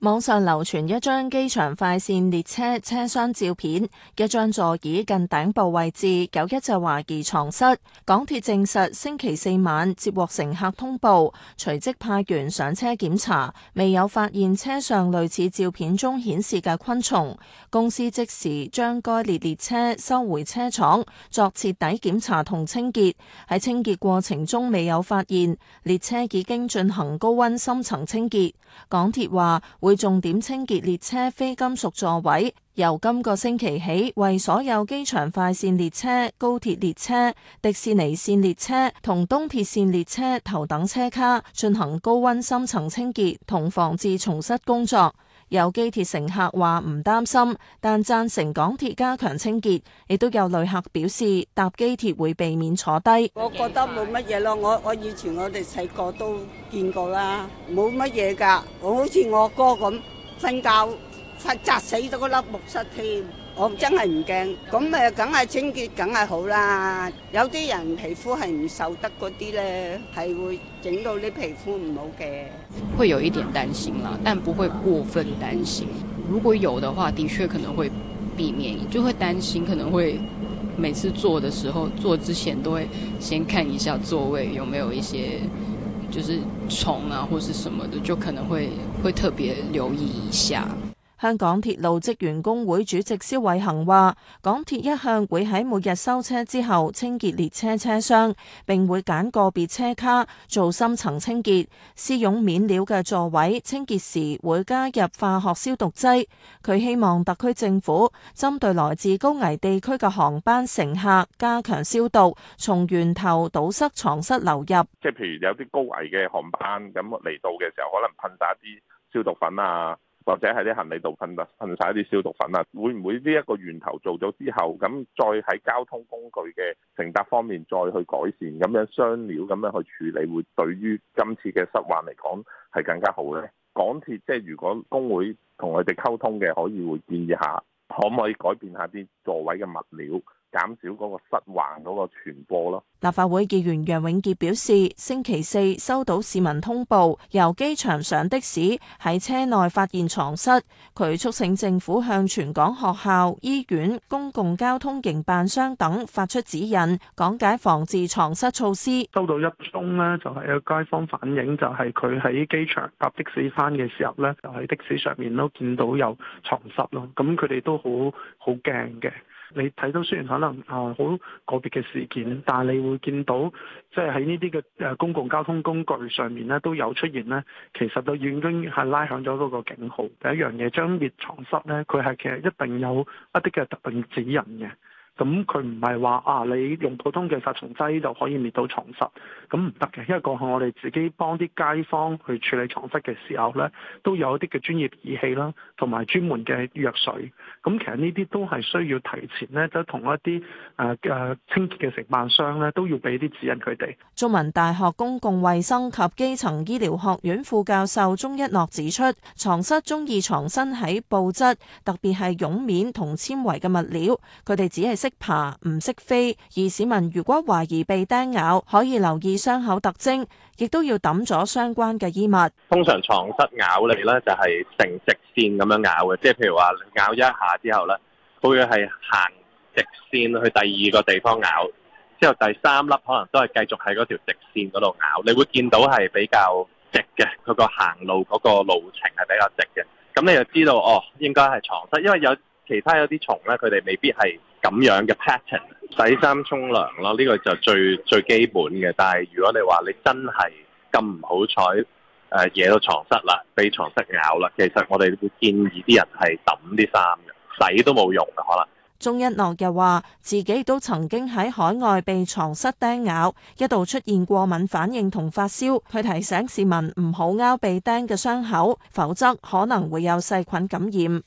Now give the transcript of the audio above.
網上流傳一張機場快綫列車車廂照片，一張座椅近頂部位置有一隻懷疑床蝨。港鐵證實，星期四晚接獲乘客通報，隨即派員上車檢查，未有發現車上類似照片中顯示嘅昆蟲。公司即時將該列列車收回車廠作徹底檢查同清潔，喺清潔過程中未有發現。列車已經進行高溫深層清潔。港鐵話，會重點清潔列車非金屬座位，由今個星期起為所有機場快線列車、高鐵列車、迪士尼線列車同東鐵線列車頭等車卡進行高溫深層清潔同防治蟲蝨工作。有機鐵乘客話唔擔心，但贊成港鐵加強清潔。亦都有旅客表示搭機鐵會避免坐低。我覺得冇乜嘢咯，我我以前我哋細個都見過啦，冇乜嘢㗎。我好似我哥咁瞓覺，佢扎死咗個粒木蝨添。我真係唔驚，咁誒梗係清潔，梗係好啦。有啲人皮膚係唔受得嗰啲咧，係會整到你皮膚唔好嘅。會有一點擔心啦，但不會過分擔心。如果有的話，的確可能會避免，就會擔心可能會每次坐的時候，坐之前都會先看一下座位有沒有一些就是蟲啊，或是什麼的，就可能會會特別留意一下。香港鐵路職員工會主席蕭偉恒話，港鐵一向會喺每日收車之後清潔列車車廂，並會揀個別車卡做深層清潔，絲絨面料嘅座位清潔時會加入化學消毒劑。佢希望特區政府針對來自高危地區嘅航班乘客加強消毒，從源頭堵塞床蝨流入。即係譬如有啲高危嘅航班咁嚟到嘅時候，可能噴灑啲消毒粉啊。或者喺啲行李度噴啊，噴晒啲消毒粉啊，會唔會呢一個源頭做咗之後，咁再喺交通工具嘅乘搭方面再去改善，咁樣商料咁樣去處理，會對於今次嘅蝨患嚟講係更加好咧？港鐵即係如果工會同佢哋溝通嘅，可以會建議下，可唔可以改變下啲座位嘅物料？減少嗰個蝨患嗰個傳播咯。立法會議員楊永杰表示，星期四收到市民通報，由機場上的士喺車內發現床蝨，佢促請政府向全港學校、醫院、公共交通營辦商等發出指引，講解防治床蝨措施。收到一宗咧，就係、是、有街坊反映，就係佢喺機場搭的士翻嘅時候咧，就喺、是、的士上面都見到有床蝨咯。咁佢哋都好好驚嘅。你睇到雖然可能啊好個別嘅事件，但係你會見到即係喺呢啲嘅誒公共交通工具上面咧都有出現咧，其實就已經係拉響咗嗰個警號。第一樣嘢，將滅床蝨咧，佢係其實一定有一啲嘅特定指引嘅。咁佢唔係話啊，你用普通嘅殺蟲劑就可以滅到床蝨，咁唔得嘅。因為過去我哋自己幫啲街坊去處理床蝨嘅時候咧，都有一啲嘅專業儀器啦，同埋專門嘅藥水。咁其實呢啲都係需要提前咧，都同一啲誒誒清潔嘅承辦商咧，都要俾啲指引佢哋。中文大學公共衛生及基層醫療學院副教授鍾一諾指出，床蝨中意藏身喺布質，特別係絨面同纖維嘅物料，佢哋只係識識爬唔識飛，而市民如果懷疑被叮咬，可以留意傷口特徵，亦都要抌咗相關嘅衣物。通常床蝨咬你咧，就係成直線咁樣咬嘅，即係譬如話咬一下之後咧，佢係行直線去第二個地方咬，之後第三粒可能都係繼續喺嗰條直線嗰度咬。你會見到係比較直嘅，佢個行路嗰個路程係比較直嘅，咁你就知道哦，應該係床蝨，因為有。其他有啲蟲咧，佢哋未必係咁樣嘅 pattern 洗衫沖涼咯，呢、這個就最最基本嘅。但係如果你話你真係咁唔好彩，誒、啊、惹到床蝨啦，被床蝨咬啦，其實我哋會建議啲人係揼啲衫嘅，洗都冇用嘅可能。鍾一諾又話自己都曾經喺海外被床蝨釘咬，一度出現過敏反應同發燒。佢提醒市民唔好拗被釘嘅傷口，否則可能會有細菌感染。